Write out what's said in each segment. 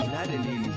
Ina dalili.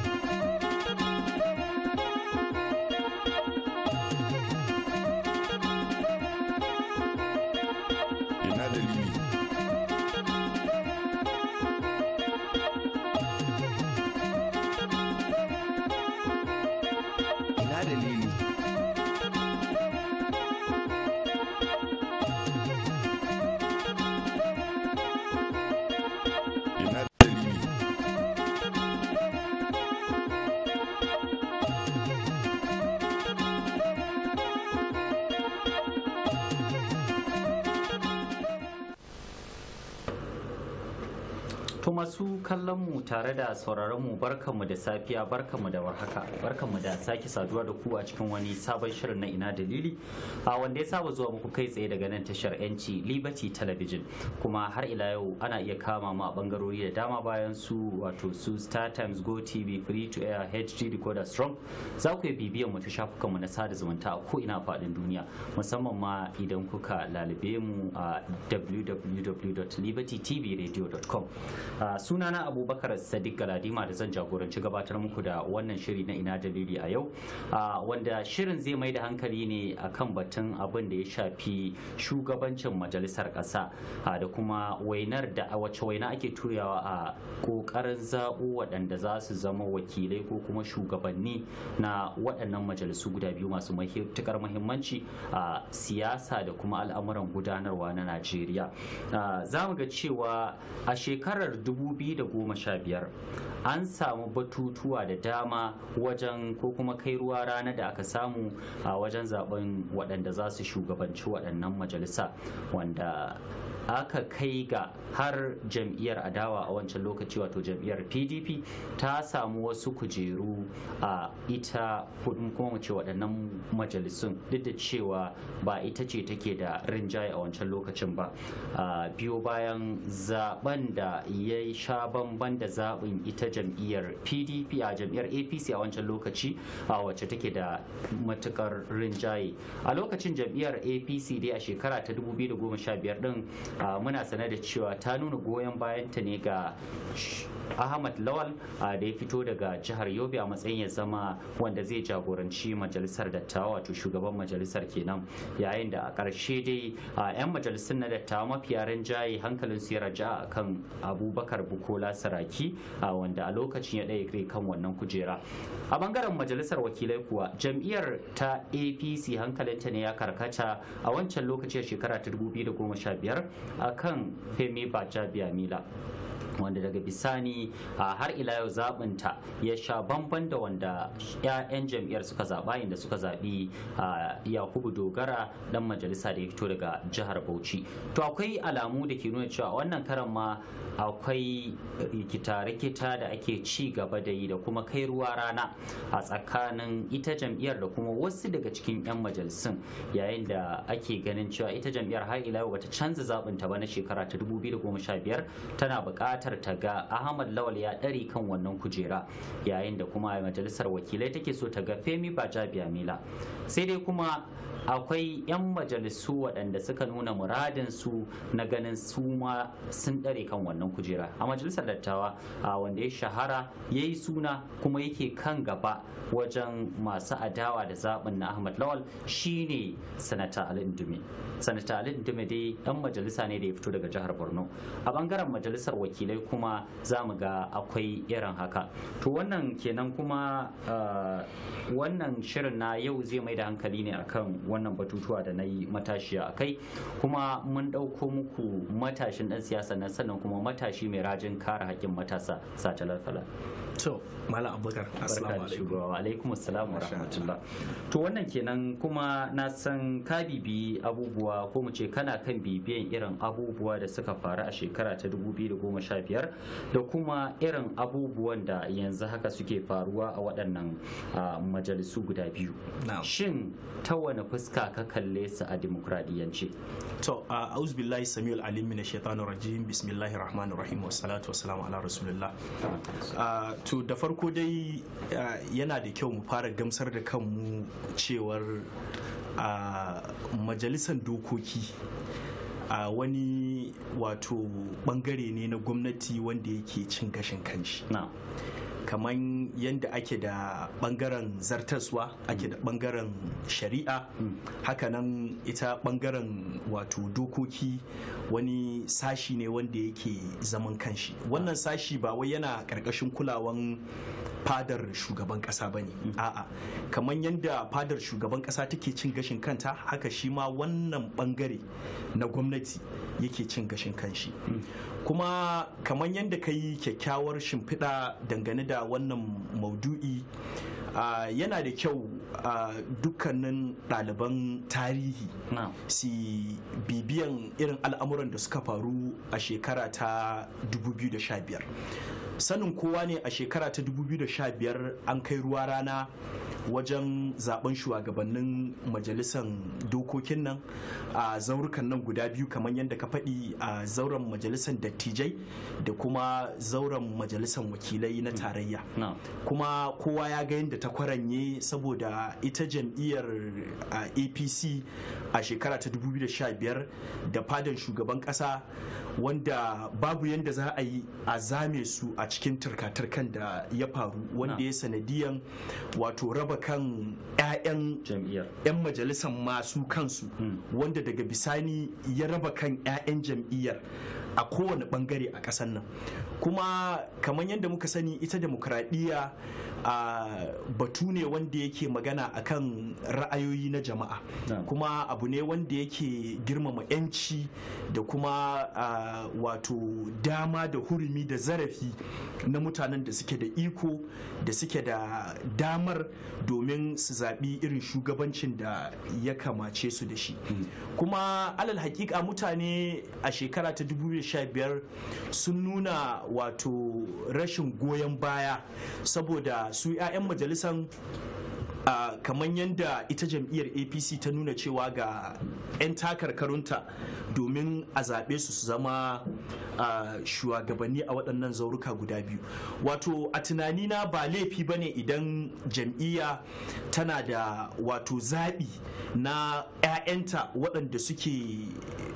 kallon mu tare da sauraron mu barkanmu da safiya barkanmu da warhaka barkanmu da sake saduwa da ku a cikin wani sabon shirin na ina dalili a wanda ya saba zuwa muku kai tsaye daga nan tashar yanci liberty television kuma har ila yau ana iya kama mu a bangarori da dama bayan su wato su star times go tv free to air hd decoder strong za ku iya bibiyan mu ta shafukan mu na sada zumunta a ko ina faɗin duniya musamman ma idan kuka lalube mu a www.libertytvradio.com sunana sunana abubakar sadiq galadima da zan jagoranci gabatar muku da wannan shiri na ina dalili a yau wanda shirin zai mai da hankali ne akan batun abin da ya shafi shugabancin majalisar ƙasa da kuma wainar da wace waina ake turawa a ƙoƙarin zaɓo waɗanda za su zama wakilai ko kuma shugabanni na waɗannan majalisu guda biyu masu matuƙar muhimmanci a siyasa da kuma al'amuran gudanarwa na najeriya za mu ga cewa a shekarar 2000 2015 an samu batutuwa da dama wajen ko kuma kai ruwa rana da aka samu a wajen zaben waɗanda za su shugabanci waɗannan majalisa wanda aka kai ga har jam'iyyar adawa a wancan lokaci wato jam'iyyar pdp ta samu wasu kujeru a ita kuma mace waɗannan majalisun duk da cewa ba ita ce take da rinjaye a wancan lokacin ba biyo bayan zaben da ya sha bamban da zaɓin ita jam'iyyar pdp a jam'iyyar apc a wancan lokaci a wacce take da matukar rinjaye a lokacin jam'iyyar apc dai a shekara ta 2015 din Ah, muna sane da cewa ta nuna goyon bayanta ne ga ahmad lawal ah, da ya fito daga jihar yobe a matsayin ya zama wanda zai jagoranci majalisar dattawa wato shugaban majalisar kenan yayin da a ƙarshe dai 'yan ah, Majalisar na dattawa mafiya rinjaye hankalin su ya raja a kan abubakar bukola saraki wanda a lokacin ya ɗaya kan wannan kujera a bangaren majalisar wakilai kuwa jam'iyyar ta apc hankalinta ne ya karkata a wancan lokaci a shekara ta 2015 akan femi bajabiamila wanda daga bisani a har ila yau zabinta ya sha bamban da wanda 'ya'yan jam'iyyar suka zaɓa inda suka zaɓi yakubu dogara dan majalisa da ya fito daga jihar bauchi to akwai alamu da ke nuna cewa wannan karan ma akwai rikita-rikita da ake ci gaba da yi da kuma kai ruwa rana a tsakanin ita jam'iyyar da kuma wasu daga cikin 'yan majalisun yayin da ake ganin cewa ita jam'iyyar har ila yau bata canza zaɓinta ba na shekara ta 2015 tana bukata buƙatar ta ga ahmad lawal ya ɗari kan wannan kujera yayin da kuma majalisar wakilai take so ta ga femi bajabiya Amila. sai dai kuma akwai 'yan majalisu waɗanda suka nuna muradin su na ganin su ma sun ɗare kan wannan kujera a majalisar dattawa a wanda ya shahara ya yi suna kuma yake kan gaba wajen masu adawa da zaɓin na ahmad lawal shine sanata alin dume sanata alin dume dai ɗan majalisa ne da ya fito daga jihar borno a ɓangaren majalisar wakilai kuma za mu ga akwai irin haka to wannan kenan kuma wannan shirin na yau zai mai da hankali ne akan wannan batutuwa da na yi matashi a kai kuma mun ɗauko muku matashin ɗan siyasa na sannan kuma matashi mai rajin kare haƙƙin matasa satalar fala to mala abubakar assalamu alaikum wa alaikum wa rahmatullah to wannan kenan kuma na san ka bibi abubuwa ko mu ce kana kan bibiyan irin abubuwa da suka faru a shekara ta 2015 da kuma irin abubuwan da yanzu haka suke faruwa a waɗannan majalisu guda biyu shin ta wani fuska ka kalle su a demokradiyance to a auzubillahi samuel alim minash shaitanir rajim bismillahir rahmanir rahim wassalatu wassalamu ala rasulillah to da farko dai yana da kyau mu fara gamsar da kanmu cewar a majalisar dokoki a wani wato bangare ne na gwamnati wanda yake cin gashin kanshi kamar yadda ake da bangaren zartaswa ake da bangaren shari'a mm. hakanan ita bangaren wato dokoki wani sashi ne wanda yake zaman kanshi wannan sashi ba wai yana karkashin kulawan fadar shugaban kasa ba ne mm. a'a kamar yadda fadar shugaban kasa take cin gashin kanta haka shi ma wannan bangare na gwamnati yake cin gashin kanshi mm. kuma kamar yadda ka yi kyakkyawar shimfiɗa dangane da wannan maudu'i yana da kyau a dukkanin ɗaliban tarihi si bibiyan irin al'amuran da suka faru a shekara ta 2015 sanin kowa ne a shekara ta 2015 an kai ruwa rana wajen zaben shugabannin majalisan dokokin nan a zaurukan nan guda biyu kamar yadda ka faɗi a zauren majalisar dattijai da kuma zauren majalisar wakilai na tarayya kuma kowa ya ga yadda ta kwaranye saboda ita jam'iyyar apc a shekara ta 2015 da fadan shugaban ƙasa wanda babu yadda za a yi a zame su a a cikin turka-turkan da ya faru wanda ya sanadiyan wato raba kan 'ya'yan 'yan majalisar masu kansu hmm. wanda daga bisani ya raba kan 'ya'yan jam'iyyar a kowane bangare a kasan nan kuma kamar yadda muka sani ita demokradiyya a batu ne wanda yake magana akan ra'ayoyi na jama'a kuma abu ne wanda yake girmama 'yanci da kuma wato dama da hurumi da zarafi na mutanen da suke da iko da suke da damar domin su zaɓi irin shugabancin da ya kamace su da shi hmm. kuma alal hakika mutane a shekara ta 2015 sun nuna wato rashin goyon baya saboda su 'ya'yan majalisan kamar yadda ita jam'iyyar apc ta nuna cewa ga 'yan takarkarunta domin a zaɓe su su zama shugabanni a waɗannan zauruka guda biyu wato a tunanina ba laifi ba ne idan jam'iyya tana da wato zaɓi na 'ya'yanta waɗanda suke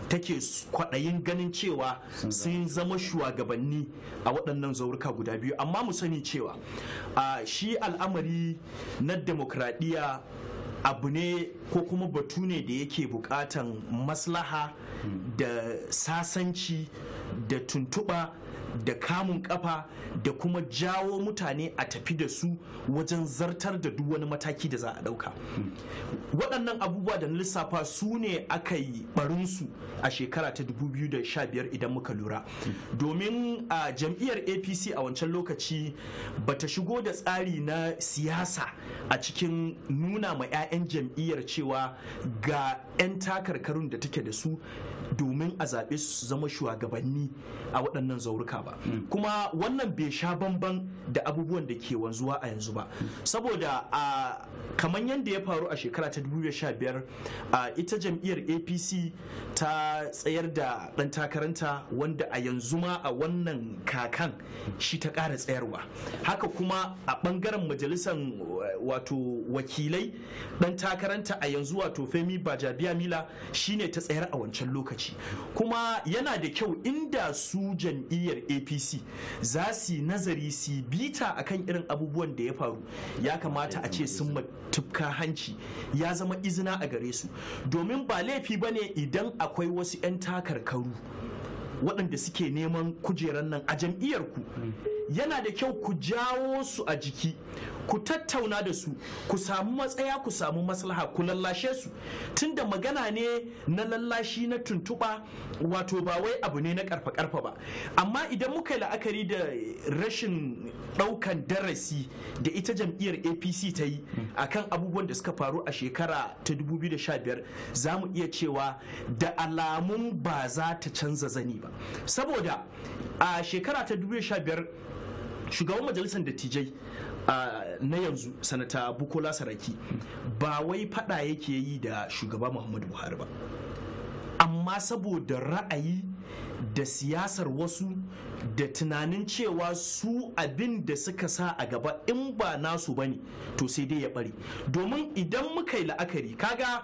take kwaɗayin ganin cewa sun zama shugabanni a waɗannan zauruka guda biyu amma mu sani cewa a shi al'amari na demokradiyya abu ne ko kuma batu ne da yake bukatan maslaha da sasanci da tuntuɓa da kamun kafa da kuma jawo mutane a tafi da su wajen zartar da duk wani mataki da za a dauka waɗannan abubuwa da na lissafa su ne aka yi barinsu a shekara ta 2015 idan muka lura domin a jam'iyyar apc a wancan lokaci bata shigo da tsari na siyasa a cikin nuna ma 'ya'yan jam'iyyar cewa ga 'yan takarkarun da take da su domin a zaɓe su zama shugabanni a waɗannan zauruka ba hmm. kuma wannan bai sha bamban da abubuwan da ke wanzuwa a yanzu ba hmm. saboda a kamar yadda ya faru a shekara ta 2015 ita jam'iyyar apc ta tsayar da ɗan takaranta wanda a yanzu ma a wannan kakan shi ta ƙara tsayarwa haka kuma a ɓangaren majalisar wato wakilai ɗan takaranta a yanzu wato femi bajabiya mila shine ta tsayar a wancan lokaci lokaci kuma yana da kyau inda su jam'iyyar apc za su nazari su bita akan irin abubuwan da ya faru ya kamata a ce sun matuka hanci ya zama izina a gare su domin ba laifi ba ne idan akwai wasu 'yan takarkaru waɗanda suke neman kujerar nan a jam'iyyar ku yana da kyau ku jawo su a jiki ku tattauna da su ku samu matsaya ku samu maslaha ku lallashe su tunda magana ne na lallashi na tuntuɓa wato ba wai abu ne na karfa karfa ba amma idan muka yi la'akari da rashin ɗaukan darasi da ita jam'iyyar apc ta yi akan abubuwan da suka faru a shekara ta 2015 za mu iya cewa da alamun ba za ta canza zani ba saboda a shekara ta 2015 shugaban majalisar dattijai na yanzu sanata bukola saraki ba wai fada yake yi da shugaba muhammadu buhari ba amma saboda ra'ayi da siyasar wasu da tunanin cewa su abin da suka sa a gaba in ba nasu ba ne. to sai dai ya bari domin idan muka yi la'akari kaga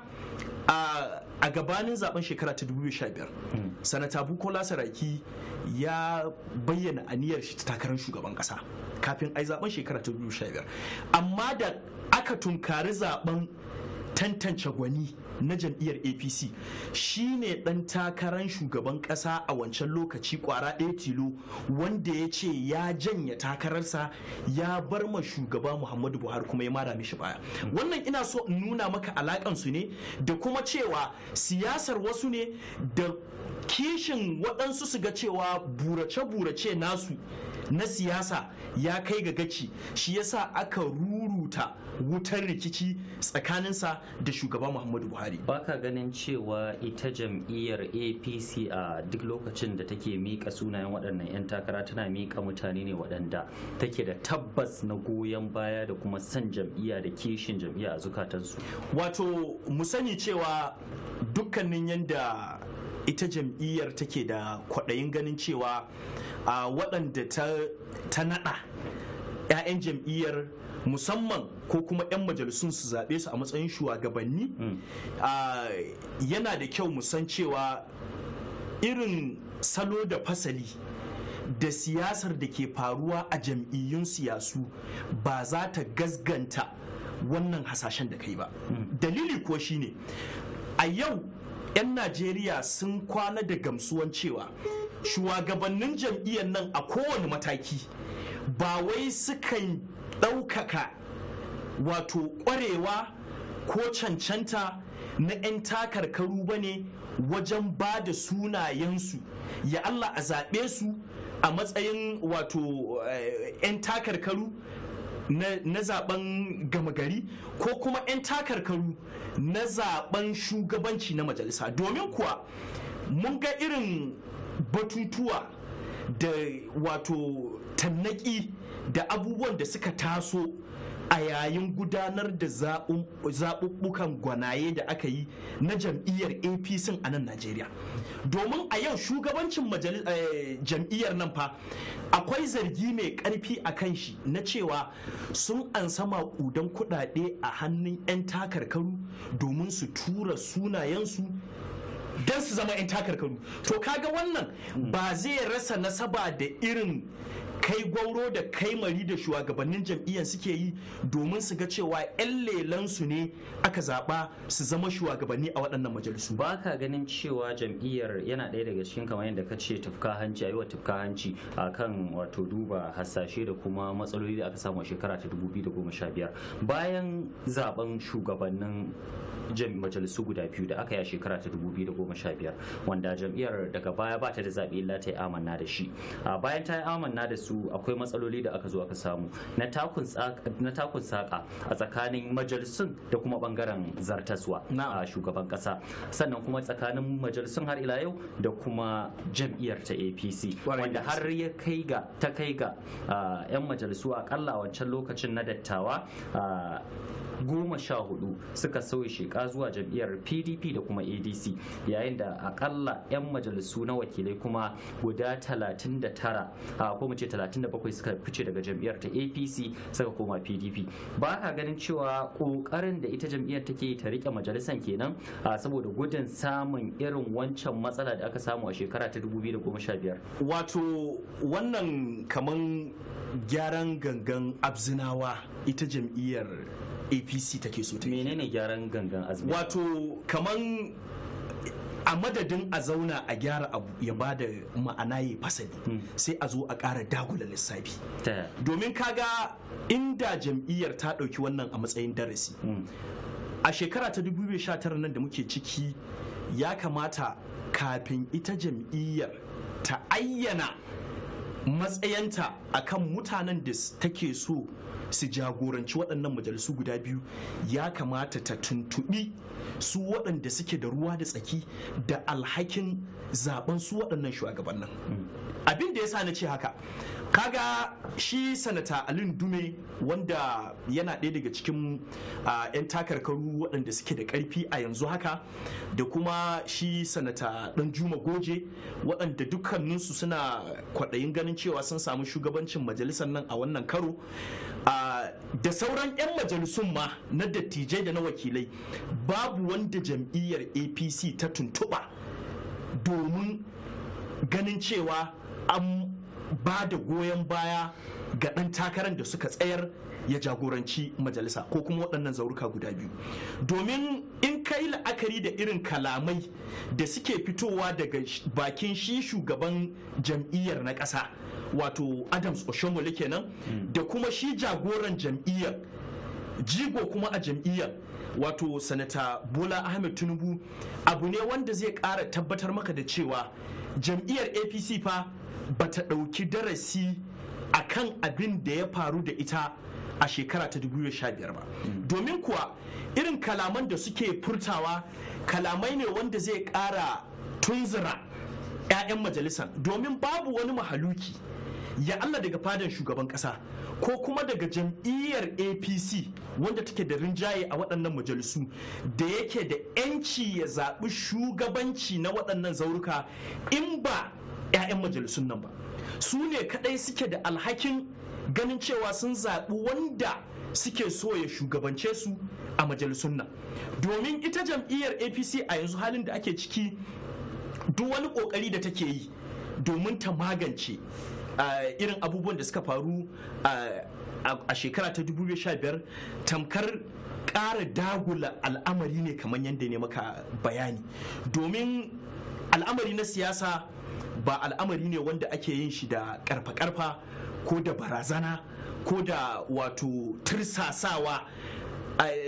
a gabanin zaben shekara ta 2015 sanata bukola saraki ya bayyana aniyar shi ta takarar shugaban kasa kafin ai zaben shekara ta 2015 amma da aka tunkari zaben tantance gwani na jam'iyyar apc shine ɗan takarar shugaban ƙasa a wancan lokaci kwara ɗaya tilo wanda ya ce ya janya takararsa ya bar ma shugaba muhammadu buhari kuma ya mara mishi baya wannan ina so in nuna maka alakan ne da kuma cewa siyasar wasu ne da kishin waɗansu su ga cewa burace-burace nasu na siyasa ya kai ga gaci shi yasa aka ruruta wutar rikici tsakaninsa da shugaba muhammadu buhari baka ganin cewa ita jam'iyyar apc a duk lokacin da take miƙa sunayen waɗannan 'yan takara tana miƙa mutane ne waɗanda take da tabbas na goyon baya da kuma san jam'iyya da kishin jam'iyya a zukatansu wato mu sani cewa dukkanin yadda ita jam'iyyar take da kwaɗayin ganin cewa a waɗanda ta naɗa 'ya'yan jam'iyyar musamman ko kuma 'yan majalisun su zaɓe su a matsayin shugabanni mm. yana da kyau musan cewa irin salo da fasali da siyasar da ke faruwa a jam'iyyun siyasu ba za ta gasganta wannan hasashen da kai ba mm. dalili ko shine a yau 'yan najeriya sun kwana da gamsuwan cewa shugabannin jam'iyyar nan a kowane mataki ba wai sukan ɗaukaka wato ƙwarewa ko cancanta na 'yan takarkaru ba ne wajen ba da sunayensu ya Allah a zaɓe su a matsayin wato eh, 'yan takarkaru na zaben gama gari ko kuma 'yan takarkaru na zaben shugabanci na majalisa domin kuwa mun ga irin batutuwa da wato tannaki da abubuwan da suka taso a yayin gudanar da zaɓuɓɓukan gwanaye da aka yi na jam'iyyar apc a nan najeriya domin a yau shugabancin eh, jam'iyyar nan fa akwai zargi mai ƙarfi a kan shi na cewa sun ansa maƙudan kuɗaɗe a hannun 'yan takarkaru domin su tura sunayensu don su zama 'yan takarkaru to kaga wannan ba zai rasa nasaba da irin kai gwauro da kai mari da shugabannin jam'iyyar suke yi domin su ga cewa 'yan lelansu ne aka zaba su zama shugabanni a waɗannan majalisu. Ba ka ganin cewa jam'iyyar yana ɗaya daga cikin kamar yadda ka ce tafka hanci a yi wa tafka hanci a kan wato duba hasashe da kuma matsaloli da aka samu a shekara ta 2015 bayan zaben shugabannin majalisu guda biyu da aka yi shekara ta da sha biyar wanda jam'iyyar daga baya ba ta da zaɓi illa ta yi amanna da shi bayan ta yi amanna da su akwai matsaloli da aka zo aka samu na takun saƙa a tsakanin majalisun da kuma bangaren zartaswa na a shugaban ƙasa sannan kuma tsakanin majalisun har ila yau da kuma jam'iyyar ta apc wanda har ya kai ga ta kai ga 'yan majalisu akalla a wancan lokacin na dattawa goma sha hudu suka sauya shekaru. matuƙa zuwa jam'iyyar pdp da kuma adc yayin da akalla 'yan majalisu na wakilai kuma guda 39 ko mu ce 37 suka fice daga jam'iyyar ta apc suka koma pdp ba ka ganin cewa ƙoƙarin da ita jam'iyyar take ta rike majalisan kenan saboda gudun samun irin wancan matsala da aka samu a shekara ta 2015 wato wannan kaman gyaran gangan abzinawa ita jam'iyyar apc take so ta menene gyaran gangan azumi wato kaman a madadin a zauna a gyara abu ya ba da ma'ana ya fasali hmm. sai a zo a ƙara dagula lissafi domin kaga inda jam'iyyar ta ɗauki wannan a matsayin darasi hmm. a shekara ta 2019 nan da muke ciki ya kamata kafin ita jam'iyyar ta ayyana matsayanta akan mutanen da take so su jagoranci waɗannan majalisu guda biyu ya kamata ta tuntuɓi su waɗanda suke da ruwa da tsaki da alhakin zaben su waɗannan shugabannin abin da ya sa na ce haka kaga shi sanata alin dume wanda yana ɗaya daga cikin 'yan takarkaru waɗanda suke da ƙarfi a yanzu haka da kuma shi sanata ɗan juma goje waɗanda dukkaninsu suna kwaɗayin ganin cewa sun samu shugabancin majalisar nan a wannan karo da sauran 'yan majalisun ma na dattijai da na wakilai babu wanda jam'iyyar apc ta tuntuɓa domin ganin cewa an ba da goyon baya ga ɗan takarar da suka tsayar ya jagoranci majalisa ko kuma waɗannan zauruka guda biyu domin in kai la'akari da irin kalamai da suke fitowa daga bakin shi shugaban jam'iyyar na ƙasa wato adams oshomole kenan hmm. da kuma shi jagoran jam'iyyar jigo kuma a jam'iyyar wato sanata bola ahmed tinubu abu ne wanda zai kara tabbatar maka da cewa jam'iyyar apc fa ba ta ɗauki darasi a kan abin da ya faru da ita a shekara ta 2015 ba hmm. domin kuwa irin kalaman da suke furtawa kalamai ne wanda zai kara tunzura 'ya'yan majalisar domin babu wani mahaluki ya Allah daga fadan shugaban kasa ko kuma daga jam'iyyar APC wanda take da rinjaye a waɗannan majalisu da yake da 'yanci ya zaɓi shugabanci na waɗannan zauruka in ba 'ya'yan majalisun nan ba su ne kaɗai suke da alhakin ganin cewa sun zaɓi wanda suke so ya shugabance su a majalisun nan domin ita jam'iyyar apc a yanzu halin da ake ciki duk wani ƙoƙari da take yi domin ta magance irin abubuwan da suka faru a shekara ta 2015 tamkar kara dagula al'amari ne kamar yadda ne maka bayani domin al'amari na siyasa ba al'amari ne wanda ake yin shi da karfa-karfa ko da barazana ko da wato tirsasawa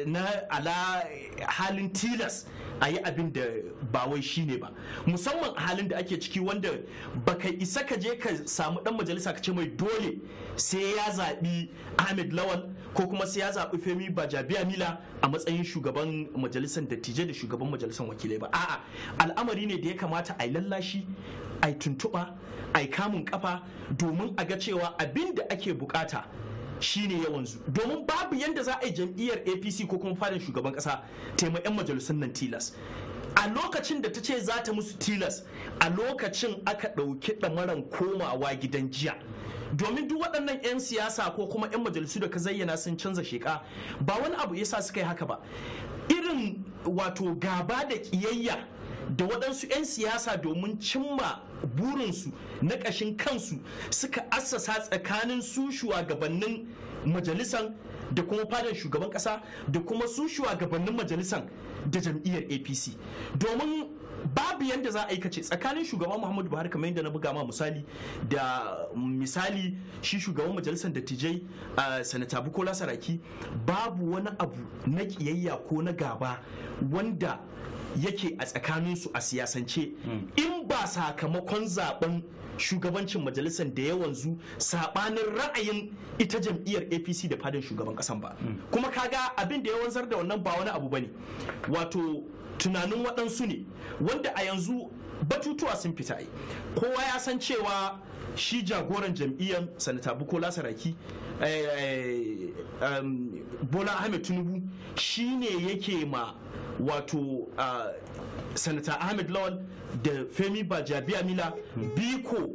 na ala halin tilas a yi abin da ba wai shi ne ba musamman halin da ake ciki wanda ba baka isa ka je ka samu dan majalisa ka ce mai dole sai ya zaɓi ahmed lawal ko kuma sai ya zaɓi femi ba bajabiya mila a matsayin shugaban majalisar dattijai da shugaban majalisar wakilai ba a'a al'amari ne da ya kamata a yi lallashi a yi tuntuɓa a yi kamun kafa domin a ga cewa abin da ake bukata shine ya wanzu domin babu yadda za a yi jam'iyyar apc ko kuma fadin shugaban kasa taimaka 'yan majalisun nan tilas a lokacin da ta ce za ta musu tilas a lokacin aka ɗauki ɗamaran komawa gidan jiya domin duk waɗannan 'yan siyasa ko kuma 'yan majalisu da ka zayyana sun canza sheka ba wani abu yasa suka yi haka ba irin wato gaba da ƙiyayya da waɗansu 'yan siyasa domin cimma burinsu na ƙashin kansu suka assasa tsakanin su shugabannin majalisan da kuma fadar shugaban ƙasa da kuma su shugabannin majalisan da jam'iyyar apc domin babu yadda za a yi kace tsakanin shugaban muhammadu buhari kamar yadda na buga ma misali da misali shi shugaban majalisar dattijai a sanata bukola saraki babu wani abu na kiyayya ko na gaba wanda yake a tsakaninsu a siyasance hmm. in ba sakamakon zaben shugabancin majalisar da ya wanzu sabanin ra'ayin ita jam'iyyar apc da fadin shugaban kasan ba hmm. kuma kaga abin da ya wanzar da wannan ba wani abu ne. wato tunanin waɗansu ne wanda a yanzu batutuwa sun fita yi kowa ya san cewa shi jagoran jam'iyyar sanata bukola saraki eh, eh, bola ahmed tinubu shi ne yake ma wato uh, sanata ahmed lawal da femi bajabi amila biko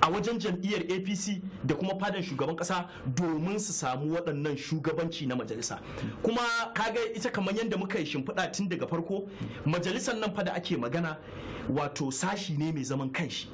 a wajen jam'iyyar apc da kuma fadan shugaban kasa domin su samu waɗannan shugabanci na majalisa kuma kaga ita kamar yadda muka yi shimfiɗa tun daga farko majalisar nan fa da ake magana wato sashi ne mai zaman kanshi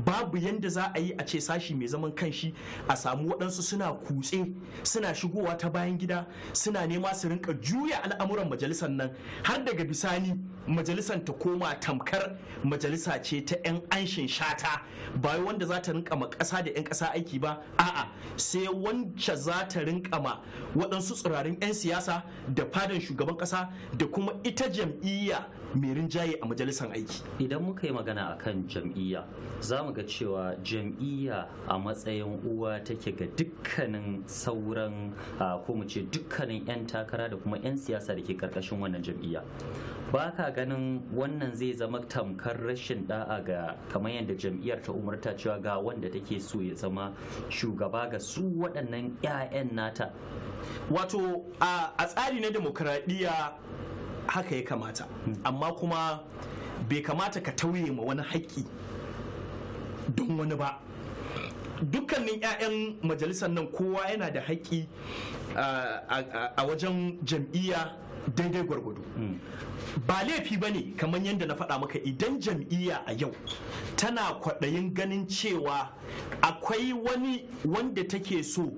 babu yadda za a yi a ce sashi mai zaman kanshi a samu waɗansu suna kutse suna shigowa ta bayan gida suna nema su rinka juya al'amuran majalisar nan har daga bisani majalisar ta koma tamkar majalisa ce ta 'yan anshin shata ba wanda za ta rinka ma ƙasa da 'yan ƙasa aiki ba a'a sai wancan za ta rinka ma waɗansu tsirarin 'yan siyasa da fadan shugaban ƙasa da kuma ita jam'iyya mai rinjaye a majalisar aiki idan muka yi magana akan jam'iyya za mu ga cewa jam'iyya a matsayin uwa take ga dukkanin sauran ko mu ce dukkanin 'yan takara da kuma 'yan siyasa da ke karkashin wannan jam'iyya ba ka ganin wannan zai zama tamkar rashin da'a ga kamar yadda jam'iyyar ta umarta cewa ga wanda take so ya zama shugaba ga su waɗannan 'ya'yan nata wato a tsari na demokradiyya haka ya kamata amma kuma bai kamata ka tauye ma wani haƙƙi don wani ba dukkanin 'ya'yan majalisar nan kowa yana da haƙƙi a wajen jam'iyya daidai gwargwado ba laifi ba ne kamar yadda na faɗa maka idan jam'iyya a yau tana kwaɗayin ganin cewa akwai wani wanda take so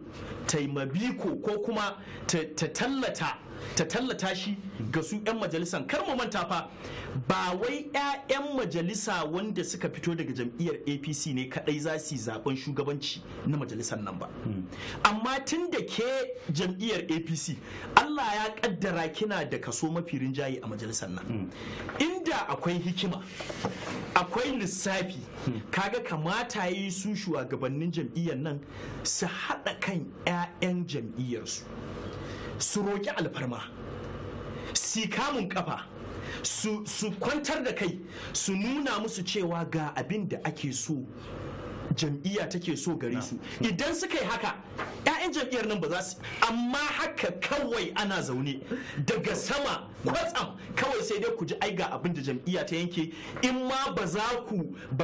taimabiko ko kuma ta tallata ta tallata shi ga su 'yan majalisan kar mu manta fa ba wai 'ya'yan majalisa wanda suka fito daga jam'iyyar apc ne kadai za su zaben shugabanci na majalisan nan ba hmm. amma tun da ke jam'iyyar apc allah ya kaddara kina da kaso mafi rinjaye a majalisan nan hmm. inda akwai hikima akwai lissafi hmm. kaga kamata yi su shugabannin jam'iyyar nan su haɗa kan 'ya'yan jam'iyyarsu su roƙi alfarma si kamun kafa su kwantar da kai su nuna musu cewa ga abin da ake so jam'iyya take so gare su idan suka yi haka 'ya'yan jam'iyyar nan ba za su amma haka kawai ana zaune daga sama kwatsam kawai sai dai ku ji ai ga abin da jam'iyya ta yanke in ma ba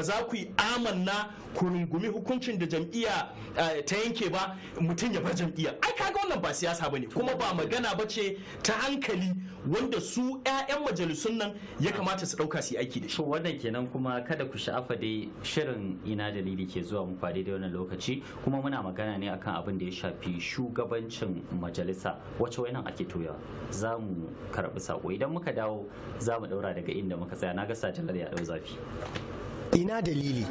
za ku yi amanna ku rungumi hukuncin da jam'iyya eh, ta yanke ba mutum ya bar jam'iyya ai kaga wannan ba siyasa bane kuma ba magana ba ce ta hankali wanda su 'ya'yan majalisun nan ya kamata su ɗauka su aiki da shi. wannan kenan kuma kada ku sha'afa dai shirin ina dalili ke zuwa mu a da wannan lokaci kuma muna magana ne akan abin da ya shafi shugabancin majalisa wacce wayanan ake toya za mu karɓi sako idan muka dawo za mu daura daga inda muka tsaya na ga satalar ya ɗau zafi. ina dalili.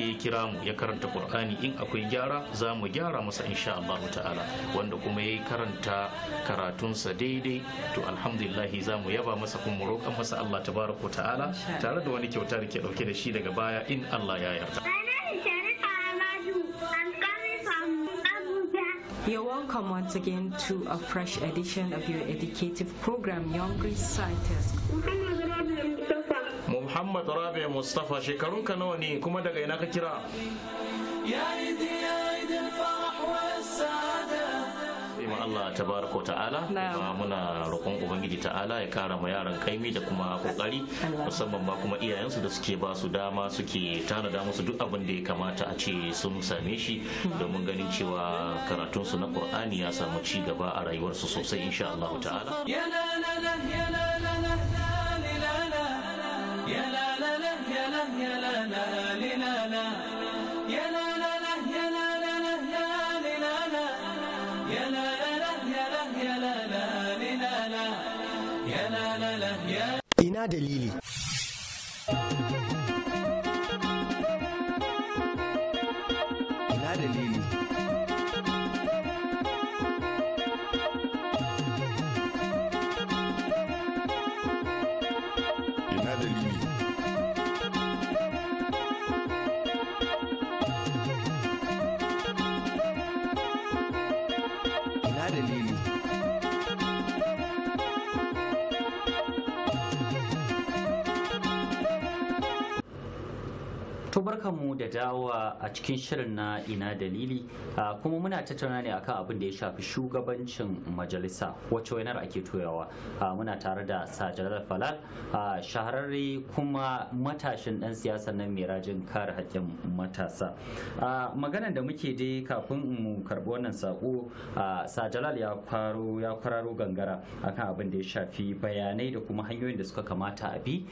da ya kira mu ya karanta qur'ani in akwai gyara za mu gyara masa insha Allah ta'ala wanda kuma ya karanta karatunsa daidai to alhamdulillah za mu yaba masa kuma roƙa masa Allah tabaraka ta'ala tare da wani kyauta da ke dauke da shi daga baya in Allah ya yarda You're welcome once again to a fresh edition of your educative program, Young Reciters. muhammad rabi mustapha shekarunka nawa ne kuma daga ina ka kira Ima Allah ta wa ta'ala kuma muna roƙon ubangiji ta'ala ya kara ma yaran kaimi da kuma kokari musamman ma kuma iyayensu da suke ba su dama suke tanada musu duk abin da ya kamata a ce sun same shi hmm. domin ganin cewa karatun su na Qur'ani ya samu ci gaba a rayuwarsu sosai insha Allah ta'ala Ina dalili. to mu da dawa a cikin shirin na ina dalili kuma muna tattauna ne akan abin da ya shafi shugabancin majalisa wacce wainar ake toyawa muna tare da sajalar falal shahararre kuma matashin dan siyasa nan mai rajin kare haƙƙin matasa maganar da muke dai kafin mu karɓi wannan sako sajalal ya faro ya kwararo gangara akan abin da ya shafi bayanai da kuma hanyoyin da suka kamata a bi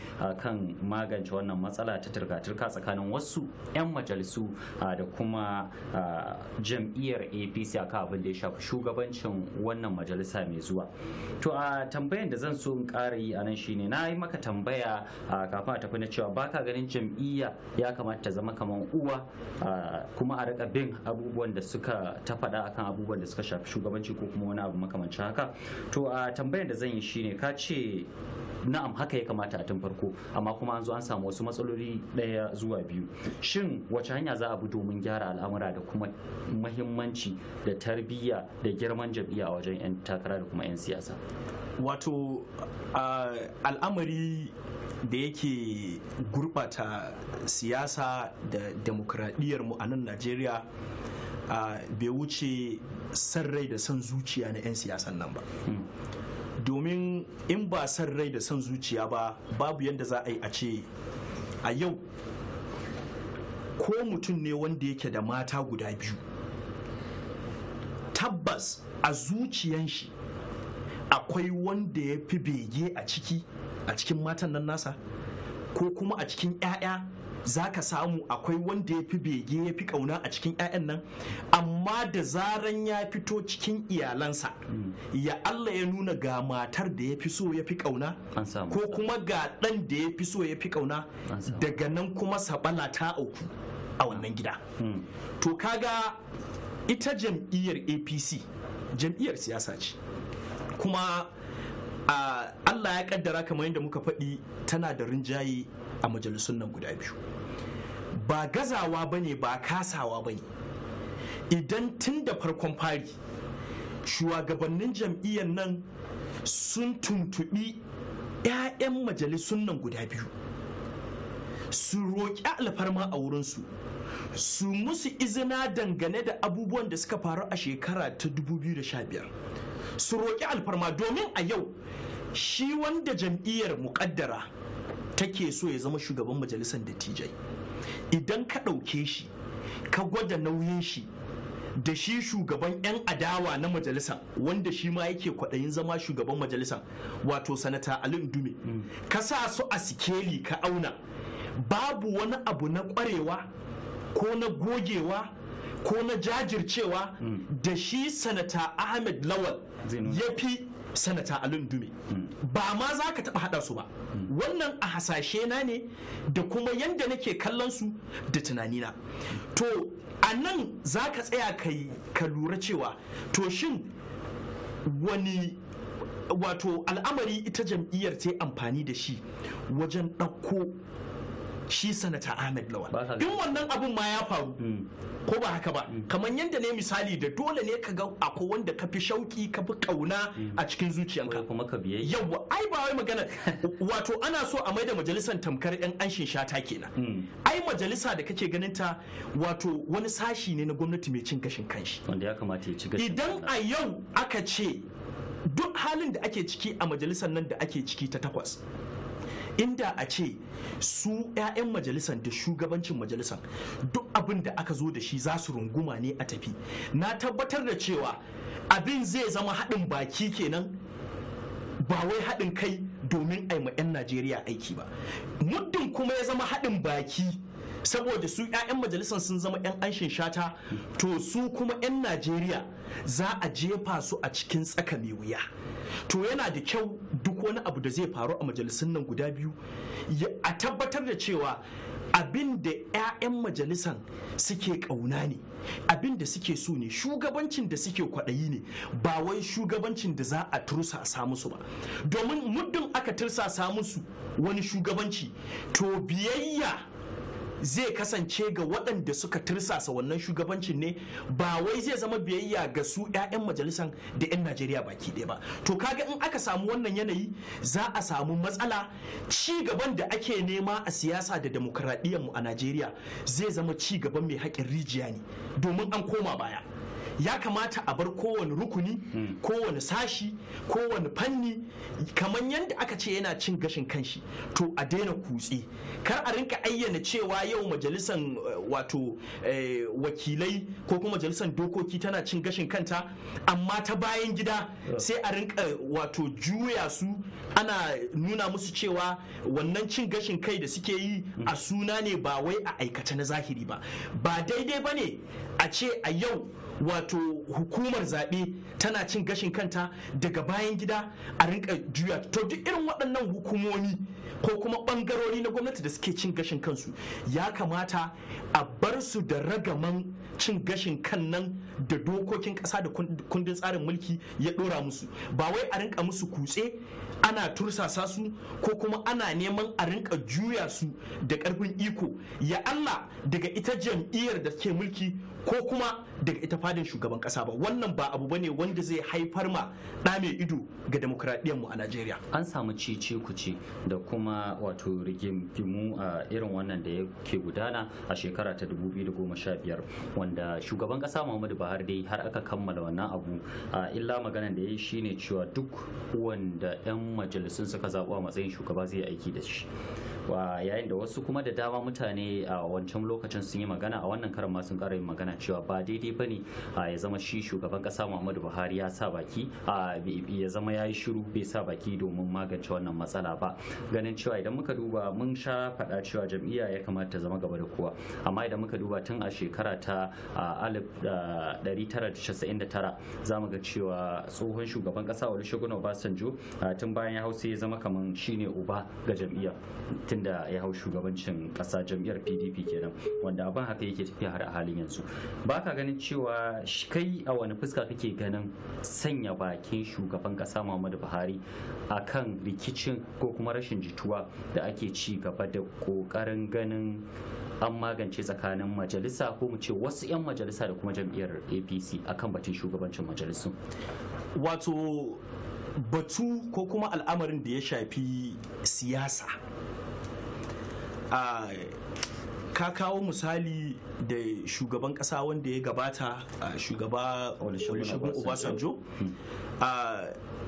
kan magance wannan matsala ta turka-turka tsakanin wasu 'yan majalisu da kuma jam'iyyar apc akan abin da ya shafi shugabancin wannan majalisa mai zuwa to a tambayan da zan so in ƙara yi a nan shine na yi maka tambaya kafin a tafi na cewa baka ganin jam'iyya ya kamata ta zama kamar uwa kuma a rika bin abubuwan da suka ta faɗa akan abubuwan da suka shafi shugabanci ko kuma wani abu makamancin haka to a tambayan da zan yi shine ka ce na'am haka ya kamata a tun farko amma kuma an zo an samu wasu matsaloli ɗaya zuwa biyu shin wace hanya za a bi domin gyara al'amura da kuma mahimmanci da tarbiyya da girman jam'iyya a wajen 'yan takara da kuma 'yan siyasa wato al'amari da yake gurbata siyasa da demokradiyyar mu a nan najeriya bai wuce san rai da son zuciya na 'yan siyasan nan ba hmm. domin in ba san rai da son zuciya ba babu yadda za a yi a ce a yau ko mutum ne wanda yake da mata guda biyu tabbas a zuciyan shi akwai wanda ya fi bege a ciki a cikin matan nan nasa ko kuma a cikin 'ya'ya za ka samu akwai wanda ya fi bege ya fi ƙauna a cikin 'ya'yan nan amma da zaran ya fito cikin iyalansa ya Allah ya nuna ga matar da ya fi so ya fi ƙauna ko kuma ga ɗan da ya fi so ya fi ƙauna daga nan kuma sabala ta auku a wannan gida hmm. to kaga ita jam'iyyar apc jam'iyyar siyasa ce kuma ah, Allah ya kaddara kamar yadda muka faɗi tana da rinjaye a majalisun nan guda biyu ba gazawa ba ne ba kasawa ba ne idan tun da farkon fari shugabannin jam'iyyar nan sun tuntuɓi 'ya'yan majalisun nan guda biyu su roƙi alfarma a wurinsu su musu izina dangane da abubuwan da suka faru a shekara ta 2015 su roƙi alfarma domin a yau shi wanda jam'iyyar muƙaddara take so ya zama shugaban majalisar dattijai idan ka ɗauke shi ka gwada nauyin shi da shi shugaban 'yan adawa na majalisa wanda shi ma yake kwaɗayin zama shugaban majalisa wato sanata alin dume mm. ka sa su a sikeli ka auna babu wani abu na ƙwarewa ko na gogewa ko na jajircewa mm. da shi sanata ahmed lawal ya fi sanata a dume hmm. ba ma za ka taɓa haɗa su ba hmm. wannan a hasashe na ne da kuma yadda nake kallon su da tunanina to a nan za ka tsaya ka lura cewa to shin wani wato al'amari ita jam'iyyar ta yi amfani da shi wajen ɗauko shi sanata ahmed lawal in wannan abun ma ya faru hmm. ko ba haka ba hmm. kamar yadda ne misali da dole ne ka ga ako wanda ka fi shauki ka fi kauna hmm. a cikin zuciyanka kuma ka biye yawa ai ba wai magana wato ana so a maida majalisar tamkar yan anshin shata kenan ai majalisa da kake ganin ta wato wani sashi ne na gwamnati mai cin gashin kanshi wanda ya kamata ya ci gashin idan a yau aka ce duk halin da ake ciki a majalisar nan da ake ciki ta takwas inda a ce su 'ya'yan majalisar da shugabancin majalisar duk abin da aka zo da shi za su runguma ne a tafi na tabbatar da cewa abin zai zama haɗin baki kenan ba wai haɗin kai domin aima 'yan najeriya aiki ba muddin kuma ya zama haɗin baki saboda su 'ya'yan majalisar sun zama 'yan anshin shata to su kuma 'yan najeriya za a jefa su a cikin tsaka mai wuya to yana da kyau duk wani abu da zai faru a majalisun nan guda biyu a tabbatar da cewa abin da 'ya'yan majalisan suke ƙauna ne abin da suke so ne shugabancin da suke kwaɗayi ne ba wai shugabancin da za a tursasa musu ba domin muddin aka tursasa musu wani shugabanci to biyayya zai kasance ga waɗanda suka tirsasa wannan shugabancin ne ba wai zai zama biyayya ga su 'ya'yan majalisan da 'yan najeriya baki ɗaya ba to kaga in aka samu wannan yanayi za a samu matsala ci gaban da ake nema a siyasa da demokradiyyar mu a najeriya zai zama ci gaban mai haƙin rijiya ne domin an koma baya ya kamata a bar kowane rukuni hmm. kowane sashi kowane fanni kamar yadda aka ce yana cin gashin kanshi to a daina kutse kar a rinka ayyana cewa yau majalisar eh, wato eh, wakilai ko kuma majalisar dokoki tana cin gashin kanta amma ta bayan gida sai a rinka wato juya su ana nuna musu cewa wannan cin gashin kai da suke yi hmm. a suna ne ba wai a aikata na zahiri ba ba daidai ba ne a ce a yau wato hukumar zaɓe tana cin gashin kanta daga bayan gida a rinka juya to duk irin waɗannan hukumomi ko kuma ɓangarori na gwamnati da suke cin gashin kansu ya kamata a bar su da ragaman cin gashin kan nan da dokokin ƙasa da kundin tsarin mulki ya ɗora musu ba wai a rinka musu kutse ana tursasa su ko kuma ana neman a rinka juya su da karfin iko ya Allah daga ita jam'iyyar da ke mulki ko kuma daga ita fadin shugaban ƙasa ba wannan ba abu bane wanda zai haifar ma ɗa mai ido ga demokradiyyar mu a Najeriya an samu cece ce da kuma wato rigimu a irin wannan da yake gudana a shekara ta 2015 wanda shugaban ƙasa Muhammadu Buhari dai har aka kammala wannan abu illa maganan da ya yi shine cewa duk wanda 'yan majalisun suka zaɓa matsayin shugaba zai aiki da shi yayin da wasu kuma da dama mutane a wancan lokacin sun yi magana a wannan karan ma sun ƙara yin magana cewa ba daidai ba ne ya zama shi shugaban ƙasa muhammadu buhari ya sa baki ya zama ya yi shiru bai sa baki domin magance wannan matsala ba ganin cewa idan muka duba mun sha faɗa cewa jam'iyya ya kamata ta zama gaba da kowa amma idan muka duba tun a shekara ta 1999 za mu ga cewa tsohon shugaban ƙasa olusegun obasanjo tun bayan ya hau sai ya zama kamar shine uba ga jam'iyya tun da ya hau shugabancin ƙasa jam'iyyar pdp kenan wanda abin haka yake tafiya har a halin yanzu ba ka ganin cewa kai a wani fuska kake ganin sanya bakin shugaban kasa muhammadu buhari a kan rikicin ko kuma rashin jituwa da ake ci gaba da ƙoƙarin ganin an magance tsakanin majalisa ko mu ce wasu 'yan majalisa da kuma jam'iyyar apc a kan batun shugabancin majalisu wato batu ko kuma al'amarin da ya shafi siyasa ka kawo misali da shugaban kasa wanda ya gabata shugaba olusegun obasanjo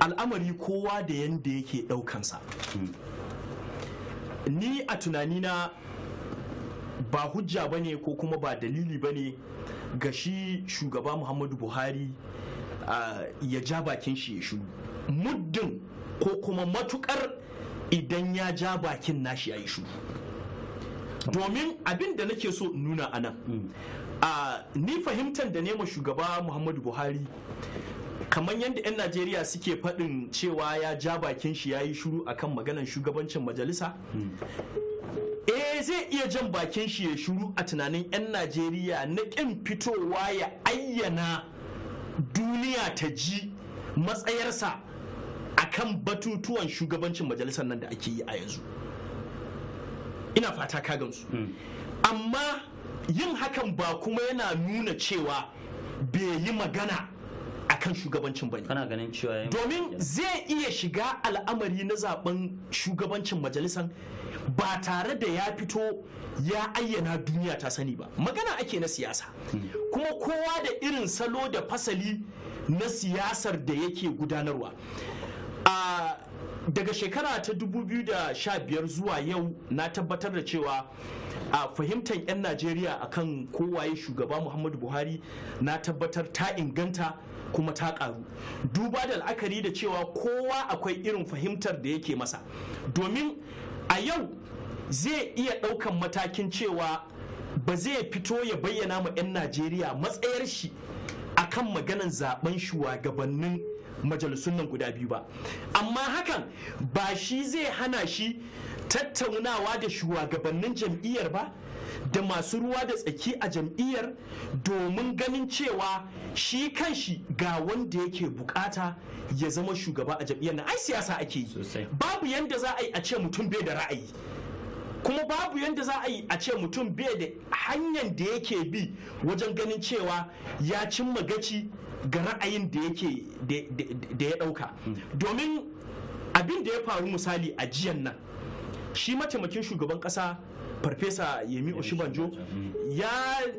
al'amari kowa da yadda yake daukansa ni a tunanina ba hujja ba ne ko kuma ba dalili ba ne ga shi shugaba muhammadu buhari ya ja bakin shi ya shuru muddin ko kuma matukar idan ya ja bakin nashi ya yi shuru domin abin da nake so nuna mm. a nan ni fahimtar da nema shugaba muhammadu buhari kamar yadda 'yan najeriya suke faɗin cewa ya ja bakin shi ya yi shuru akan maganar shugabancin majalisa mm. eh zai iya jan bakin shi ya shuru a tunanin 'yan najeriya na ƙin fitowa ya ayyana duniya ta ji matsayarsa akan batutuwan shugabancin majalisar nan da ake yi a yanzu. ina fata ka gamsu hmm. amma yin hakan ba kuma yana nuna cewa bai yi magana akan kan shugabancin bane kana ganin cewa domin zai iya shiga al'amari na zaben shugabancin majalisar ba tare da ya fito ya ayyana duniya ta sani ba magana ake na siyasa hmm. kuma kowa da irin salo da fasali na siyasar da yake gudanarwa a ah, daga shekara ta 2015 zuwa yau na tabbatar da cewa a fahimtar 'yan najeriya akan kowaye shugaba muhammadu buhari na tabbatar ta inganta kuma ta karu duba da la'akari da cewa kowa akwai irin fahimtar da yake masa domin a yau zai iya ɗaukan matakin cewa ba zai fito ya bayyana ma 'yan najeriya matsayar shi akan maganan zaben shugabannin majalisun nan guda biyu ba amma hakan ba shi zai hana shi tattaunawa da shugabannin jam'iyyar ba da masu ruwa da tsaki a jam'iyyar domin ganin cewa shi kan shi ga wanda yake bukata ya zama shugaba a jam'iyyar na ai siyasa ake yi babu yanda za a yi a ce mutum bai da ra'ayi kuma babu yadda za a yi a ce mutum bai da hanyar da yake bi wajen ganin cewa ya cimma gaci ga ra'ayin da yake da ya ɗauka domin abin da ya faru misali a jiyan nan shi mataimakin shugaban ƙasa farfesa yemi oshibanjo ya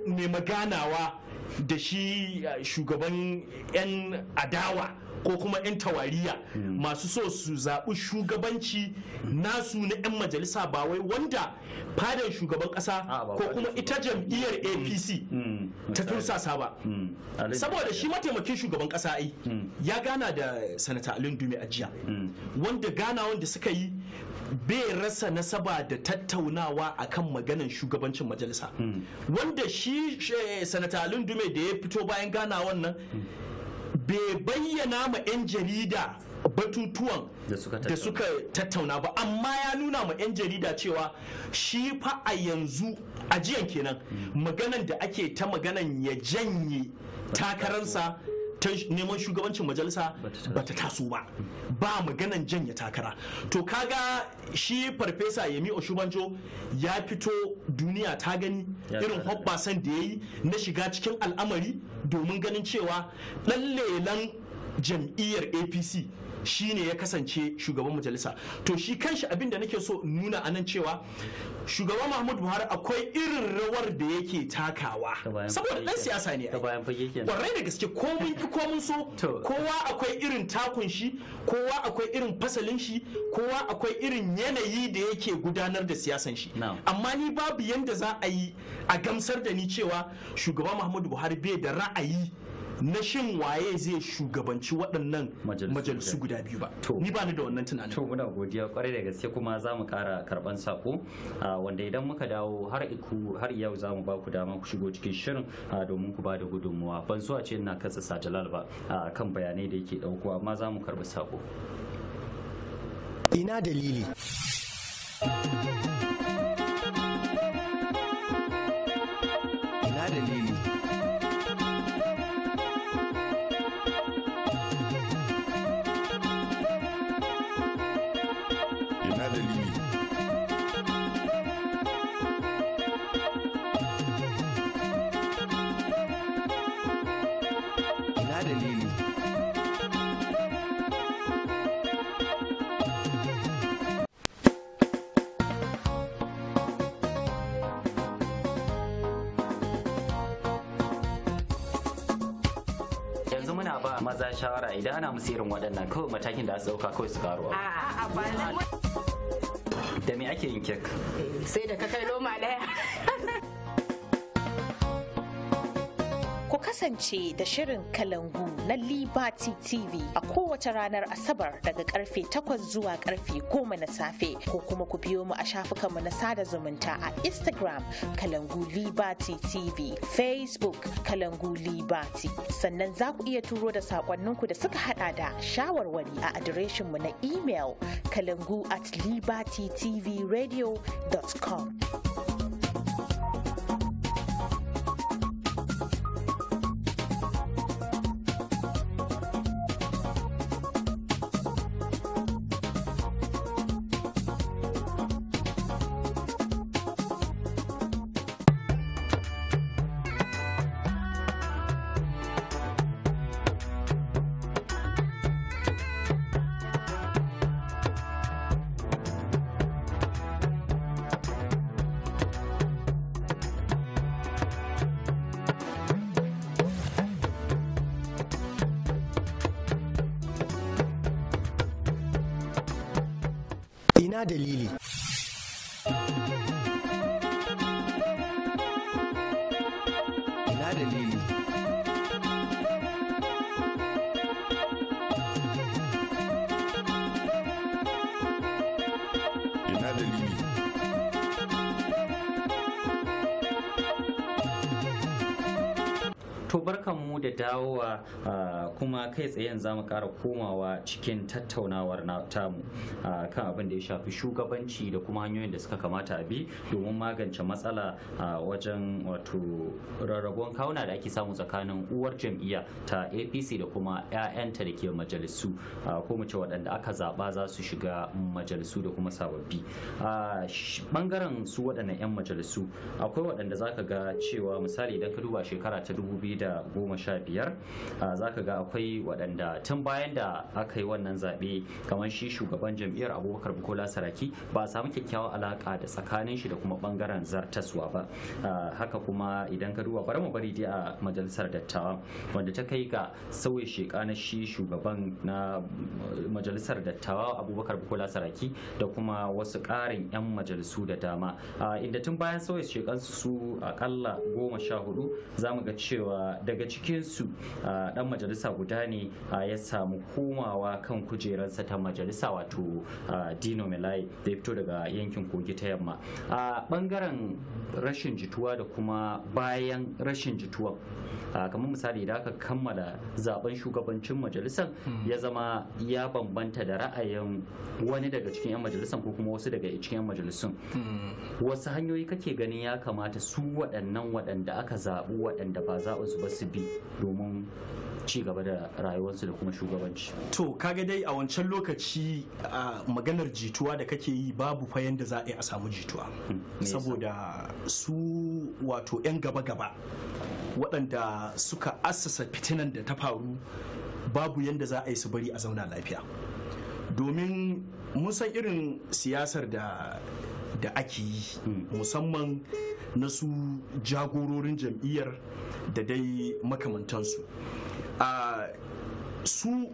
nemi ganawa da shi eh, shugaban 'yan adawa ko kuma 'yan tawariya hmm. masu so su zaɓi shugabanci nasu na 'yan majalisa ba wai wanda fadar shugaban ƙasa ko kuma ita jam'iyyar hmm. apc hmm. ta tursasa ba saboda shi mataimakin shugaban ƙasa ai ya gana da sanata alin dume a jiya wanda gana wanda suka yi bai rasa nasaba da tattaunawa akan maganan shugabancin majalisa hmm. wanda shi eh, sanata dume da ya fito bayan gana wannan hmm. bai bayyana ma 'yan jarida batutuwan da suka tattauna ba amma ya nuna ma 'yan jarida cewa shi fa a yanzu ajiyan kenan hmm. maganan da ake ta maganan ya janye takararsa ta neman shugabancin majalisa bata taso ba ba maganan janya takara to kaga shi farfesa yemi oshubanjo ya fito duniya ta gani irin hobbasan da ya yi na shiga cikin al'amari domin ganin cewa ɗan lelan jam'iyyar apc shi ne ya kasance shugaban majalisa to shi kanshi abin da nake so nuna a nan cewa shugaban mahmud buhari akwai irin rawar da yake takawa saboda dan siyasa ne kwarai da gaske mun ki komin so kowa akwai irin takun shi kowa akwai irin fasalin shi kowa akwai irin yanayi da yake gudanar da siyasan shi amma ni babu yanda za a yi a gamsar da ni cewa shugaban mahmud buhari bai da ra'ayi na shin waye zai shugabanci waɗannan majalisu guda biyu ba ni ba ni da wannan tunanin to muna godiya kwarai da gaske kuma za mu kara karban sako wanda idan muka dawo har iku har yau za mu ba ku dama ku shigo cikin shirin domin ku ba da gudunmuwa ban so a ce ina katsa sajalal ba kan bayanai da yake dauko amma za mu karbi sako ina dalili idan ana musu irin waɗannan kawai matakin da su ɗauka kawai su karuwa. A'a ba da me ake yin kek? Sai da ka kai loma ɗaya. kasance da shirin kalangu na Liberty TV a kowace ranar Asabar daga karfe 8 zuwa karfe 10 na safe ko kuma ku biyo mu a shafukanmu na sada zumunta a Instagram kalangu Liberty TV, Facebook kalangu Liberty. Sannan za ku iya turo da sakonninku da suka hada da shawarwari a adireshinmu na email kalangu at libertytvradio.com. dawowa ah, kuma kai tsayen za mu kara komawa cikin tattaunawar tamu kan abin da ya shafi shugabanci da kuma hanyoyin da suka kamata a bi domin magance matsala wajen wato rarrabuwan kawuna da ake samu tsakanin uwar jam'iyya ta apc da kuma 'ya'yanta da ke majalisu ko mu ce waɗanda aka zaɓa za su shiga majalisu da kuma sababbi bangaren su waɗannan 'yan majalisu akwai waɗanda za ka ga cewa misali idan ka duba shekara ta da goma 2015 za ka ga akwai waɗanda tun bayan bayan da aka yi wannan zaɓe kamar shi shugaban jam'iyyar abubakar bukola saraki ba a samu kyakkyawar alaƙa da tsakanin shi da kuma ɓangaren zartaswa ba ah, haka kuma idan ka duba bari mu bari dai a majalisar dattawa wanda ta kai ga sauya sheka na shi shugaban na majalisar dattawa abubakar bukola saraki da kuma wasu ƙarin 'yan majalisu da dama ah, inda tun bayan sauya shekansu su akalla goma sha hudu za mu ga cewa daga cikinsu ah, ɗan majalisa guda ne ya samu komawa kan kujerarsa ta majalisa wato dino melai da ya fito daga yankin kogi ta yamma a bangaren rashin jituwa da kuma bayan rashin jituwa kamar misali da aka kammala zaben shugabancin majalisar hmm. ya zama ya bambanta da ra'ayin wani daga cikin 'yan majalisar ko kuma wasu daga cikin 'yan majalisun hmm. wasu hanyoyi kake ganin ya kamata su waɗannan waɗanda aka zaɓi waɗanda ba zaɓinsu ba su bi domin ci gaba da rayuwarsu da kuma shugabanci to kaga dai a wancan lokaci a maganar jituwa da kake yi babu fa yanda za a yi a samu jituwa hmm, saboda su wato 'yan gaba-gaba waɗanda suka assasa fitinan da ta faru babu yanda za a yi su bari a zauna lafiya domin mun san irin siyasar da da ake yi musamman na su jagororin jam'iyyar da dai makamantansu a su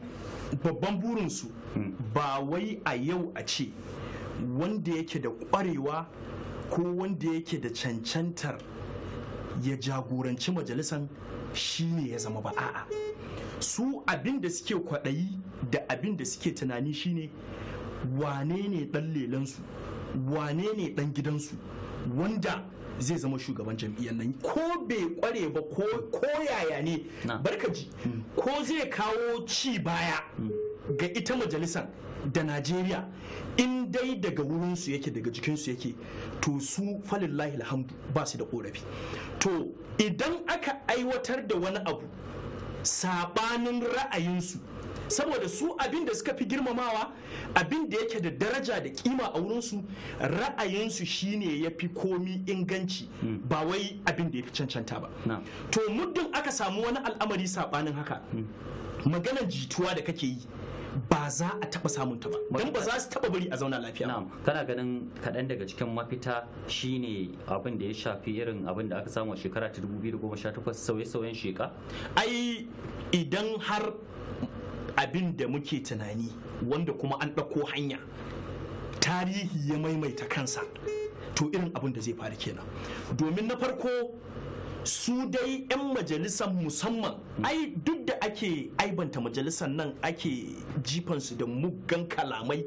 babban burinsu ba wai a yau a ce wanda yake da kwarewa ko wanda yake da cancantar ya jagoranci majalisan shi ne ya zama ba a'a su abin da suke kwaɗayi da abin da suke tunani shine wane ne dan Wanene wane ne dan gidansu wanda zai zama shugaban jam'iyyar nan ko bai kware ba ko yaya ne barkaji hmm. ko zai kawo ci baya hmm. ga ita majalisar da najeriya in dai daga wurinsu yake daga jikinsu yake to su falillahi alhamdu ba su da korafi to idan aka aiwatar da wani abu sabanin ra'ayinsu saboda su abin da suka fi girmamawa abin da yake da daraja da kima a wurinsu ra'ayinsu shine ya fi komi inganci hmm. ba wai abin da ya fi cancanta ba to muddin aka samu wani al'amari saɓanin haka hmm. maganar jituwa da kake yi ba za a taba samun ta ba don ba za su taba bari a zauna lafiya na'am kana ganin kaɗan daga cikin mafita shine abin da ya shafi irin abin da aka samu a shekara ta 2018 sauye-sauyen sheka ai idan har abin da muke tunani wanda kuma an ɗauko hanya tarihi ya maimaita kansa to irin abin da zai faru kenan domin na farko su dai 'yan majalisar musamman ai duk da ake aibanta majalisar nan ake jifansu da muggan kalamai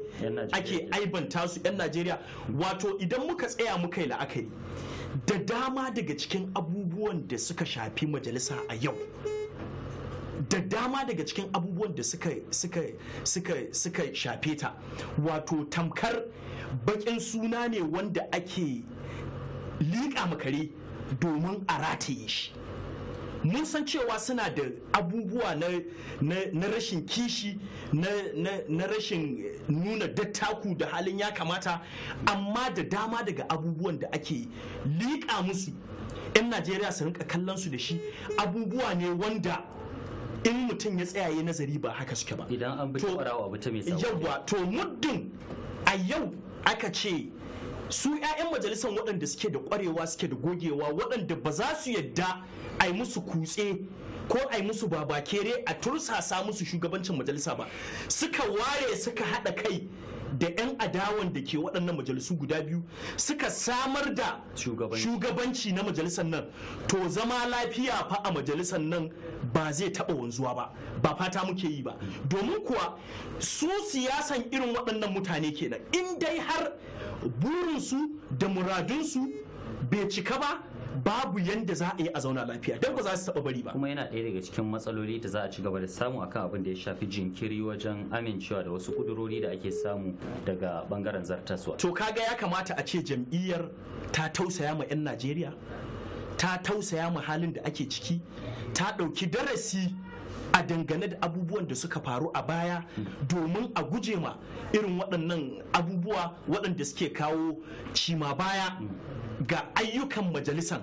ake aibanta su 'yan najeriya wato idan muka tsaya muka yi la'akari da dama daga cikin abubuwan da suka shafi majalisa a yau da dama daga cikin abubuwan da suka suka suka suka shafe ta wato tamkar bakin suna ne wanda ake liƙa makare domin a rataye shi mun san cewa suna da abubuwa na, rashin kishi na, rashin nuna dattaku da halin ya kamata amma da dama daga abubuwan da ake liƙa musu 'yan najeriya su rinka kallon su da shi abubuwa ne wanda in mutum ya tsaya yi nazari ba haka suke ba idan an bi kwarawa abu ta mai tsawo yawwa to muddin a yau aka ce su 'ya'yan majalisar waɗanda suke da ƙwarewa suke da gogewa waɗanda ba za su yadda a yi musu kutse ko a yi musu babakere a tursasa musu shugabancin majalisa ba suka ware suka haɗa kai da 'yan adawan da ke waɗannan majalisu guda biyu suka samar da shugabanci na majalisar nan to zama lafiya fa a majalisar nan ba zai taɓa wanzuwa ba ba fata muke yi ba domin kuwa su siyasan irin waɗannan mutane kenan in dai har burinsu da muradunsu bai cika ba babu yadda za a yi a zauna lafiya don ba za su taba bari ba kuma yana ɗaya daga cikin matsaloli da za a ci gaba da samu akan abin da ya shafi jinkiri wajen amincewa da wasu kudurori da ake samu daga bangaren zartaswa to kaga ya kamata a ce jam'iyyar ta tausaya ma 'yan najeriya ta tausaya mu halin da ake ciki ta ɗauki darasi a dangane da abubuwan da suka faru a baya domin a guje ma irin waɗannan abubuwa waɗanda suke kawo cima baya ga ayyukan majalisan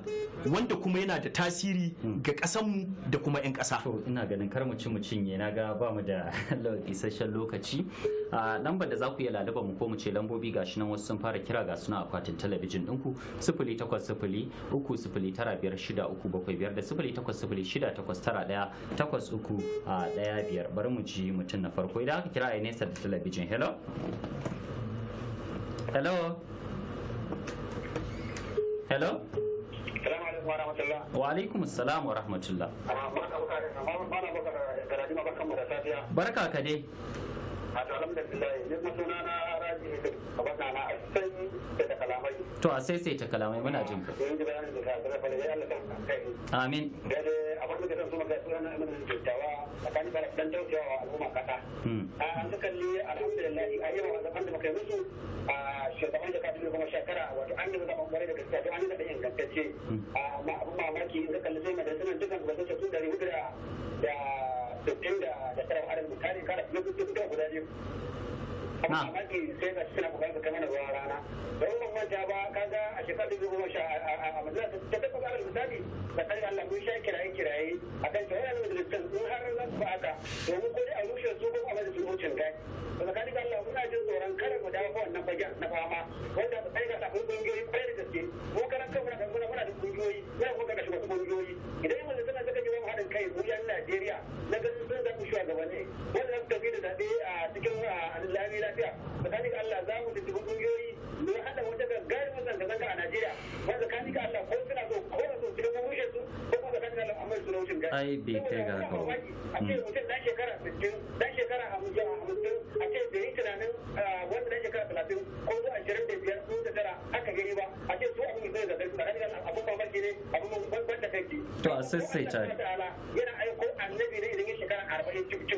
wanda kuma yana da tasiri hmm. ga ƙasanmu da kuma 'yan ƙasa. To ina ganin kar mu ci mu cinye na ga ba mu da isasshen lokaci. Lambar da za ku iya lalaba mu ko mu ce lambobi gashi nan wasu sun fara kira ga suna akwatin talabijin ɗinku sifili takwas sifili uku sifili tara biyar shida uku bakwai biyar da sifili takwas sifili shida takwas tara ɗaya takwas uku ɗaya biyar bari mu ji mutum na farko idan aka kira a nesa da talabijin hello hello hello wa alaikum salam wa rahmatullah ah, barka ka dai wato alhamdulillah ne na raji a basa na a sai da kalamai to a sai sai ta kalamai muna jin ka amin a da suna na jittawa da dan wa al'umma hmm. an a yau a da muka musu a shugaban da kuma shekara wato an yi da to an yi da ingantacce hmm. a in ka kalli sai da dukkan su ba su da da sittin da da tara arziki kare kare lokacin da guda biyu amma mamaki sai ga suna kama da ruwa rana don ban manta ba kaga a shekarar dubu goma sha a majalis ta tabbata alal misali da kan Allah mun sha kiraye kiraye akan ta wani da dukkan in har za su haka domin ko dai a rushe su ko a mai su wucin kai to tsakanin ga Allah muna jin tsoron kada mu dawo wannan bagen na fama wanda ta kai ga akwai kungiyoyi kwarai da gaske mu karan kan muna muna muna da kungiyoyi muna kuma ga shugaban kungiyoyi idan mu zama zaka ji mu haɗin kai mu yan Najeriya na gaske wanda za tafi da zaɓe a cikin lami lafiya tsakanin Allah za mu tuntuɓi ƙungiyoyi mu haɗa wata gagarumin zanga-zanga a Najeriya wanda tsakanin Allah ko suna so ko ba su cikin bushe su ko kuma tsakanin Allah amma su Ai bai kai ga haka A ce hmm. mutum ɗan shekara sittin ɗan shekara hamsin a ce bai yi tunanin wanda ɗan shekara talatin ko zuwa ashirin da biyar ko da tara aka gani ba a ce su abin da zai zaɓe tsakanin Allah abin ne abin ban da kai. To a sassaita. Yana aiko annabi ne idan ya shekara arba'in cikin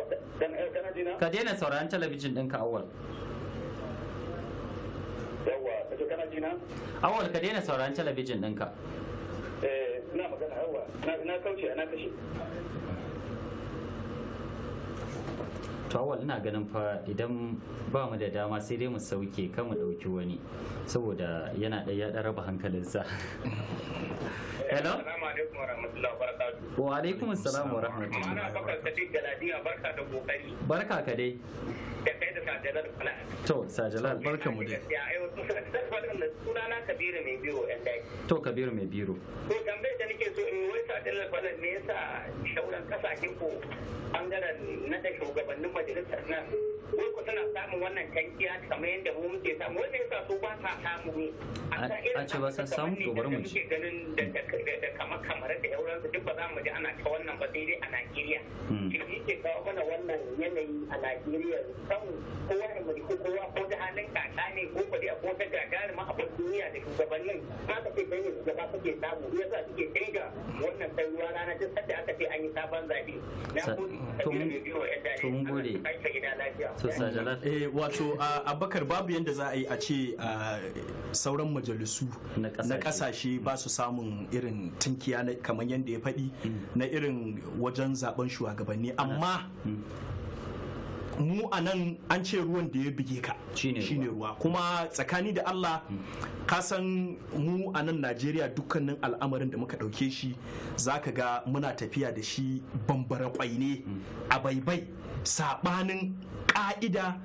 Eh, ka daina sauraron talabijin ɗinka awal yawa awal ka daina sauraron talabijin ɗinka eh, to awal ina ganin fa idan ba mu da dama sai dai mu sauke kan mu dauki wani saboda yana da ya raba hankalinsa hello wa alaikum assalam wa rahmatullahi wa barakatuh barka ka dai da kai da sajalal kula to sajalal barka mu dai ya ayo sunana kabiru mai biro yan daki to kabiru mai biro to tambayar da nake so in wai sajalal kula me yasa shauran kasashen ko bangaren na da shugabannin majalisar nan ko suna samun wannan tankiya kamar yadda mu muke samu wanda yasa su ba sa samu ne a ce ba sa samu to bari mu ji ganin da da kamar kamar da yauran su duk ba za mu ji ana ta wannan ba sai dai a Najeriya hmm. shi ke kawo mana wannan yanayi a Najeriya kan kowa da mu ko kowa ko da halin kaka ne ko ba da ko ta gagari ma abin duniya da shugabannin ba ka ce ganin shugaba kake samu yasa suke dinga wannan sai ruwa rana duk sanda aka ce an yi sabon zabe na gode to mun gode sassa eh wato abubakar babu yadda za a yi a ce sauran majalisu na kasashe mm. ba su samun irin tunkiya kamar yadda ya faɗi mm. na irin wajen zaben shugabanni mm. amma mu a nan an ce ruwan da ya bige ka shine ruwa kuma tsakani da Allah kasan mu a nan Najeriya dukkanin al'amarin da muka dauke shi zaka ga muna tafiya da shi bambara kwai ne a baibai sabanin ƙa'ida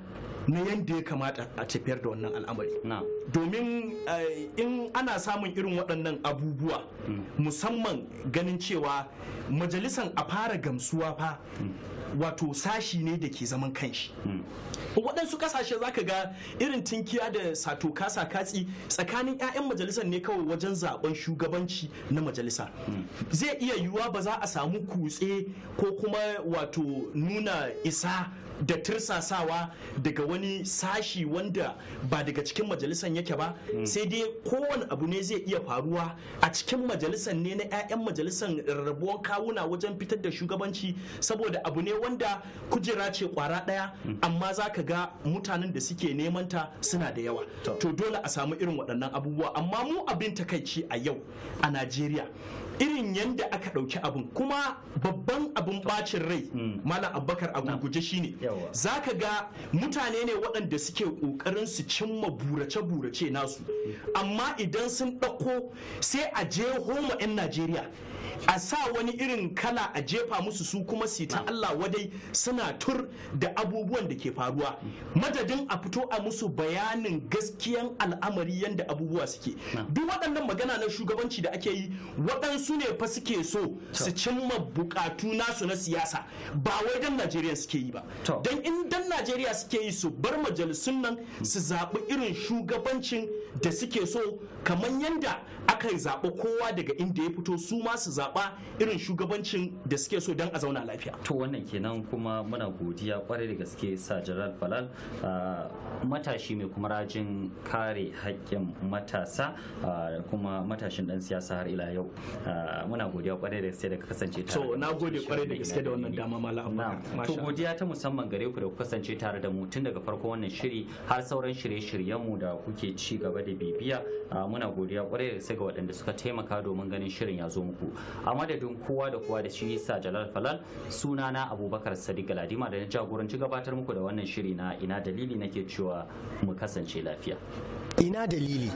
na yadda ya kamata a tafiyar da wannan al'amari domin eh, in ana samun irin waɗannan abubuwa hmm. musamman ganin cewa majalisan a fara gamsuwa fa hmm. wato sashi ne da ke zaman kanshi hmm. waɗansu ƙasashe za ka ga irin tinkiya da sato kasa katsi tsakanin 'ya'yan majalisar ne kawai wajen zaɓen shugabanci na majalisa zai iya yiwuwa ba za a samu kutse ko kuma wato nuna isa da tirsasawa daga wani wani sashi wanda ba daga cikin majalisan yake ba hmm. sai dai kowane abu ne zai iya faruwa a cikin majalisan ne na 'ya'yan majalisan rarrabuwar kawuna wajen fitar da shugabanci saboda abu ne wanda kujera ce kwara daya hmm. amma za ka ga mutanen da suke neman ta suna da yawa to dole a samu irin waɗannan abubuwa amma mu abin takaici a yau a najeriya irin yadda aka ɗauki abin kuma babban abin bacin rai hmm. malam abubakar a gurguje shine za ka ga mutane ne waɗanda suke ƙoƙarin su cimma burace-burace nasu hmm. amma idan sun ɗauko sai a je homa 'yan najeriya a sa wani irin kala a jefa musu su kuma su ta Allah wadai suna tur da abubuwan da ke faruwa madadin a fito a musu bayanin gaskiyan al'amari yadda abubuwa suke duk waɗannan magana na shugabanci da ake yi waɗansu ne fa suke so su cimma bukatu nasu na siyasa ba wai dan Najeriya suke yi ba don in najeriya suke yi su bar majalisun nan su zaɓi irin shugabancin da suke so kamar yadda aka zaɓa kowa daga inda ya fito su ma su zaɓa irin shugabancin da suke so don a zauna lafiya to wannan kenan kuma muna godiya kwarai da gaske sa jalal falal ah, matashi mai kuma rajin kare haƙƙin matasa ah, kuma matashin dan siyasa har ila yau ah, muna godiya kwarai da gaske da kasance to na gode kwarai da gaske da wannan dama malam to godiya ta musamman gare ku da ku kasance kasance tare da mu tun daga farko wannan shiri har sauran shirye-shiryenmu da kuke ci gaba da bibiya ah, muna godiya kwarai da ga waɗanda suka taimaka domin ganin shirin ya zo muku a madadin kowa da kowa da shi yasa jalal falal sunana abubakar sadiq galadima da na jagoranci gabatar muku da wannan shiri na ina dalili nake cewa mu kasance lafiya ina dalili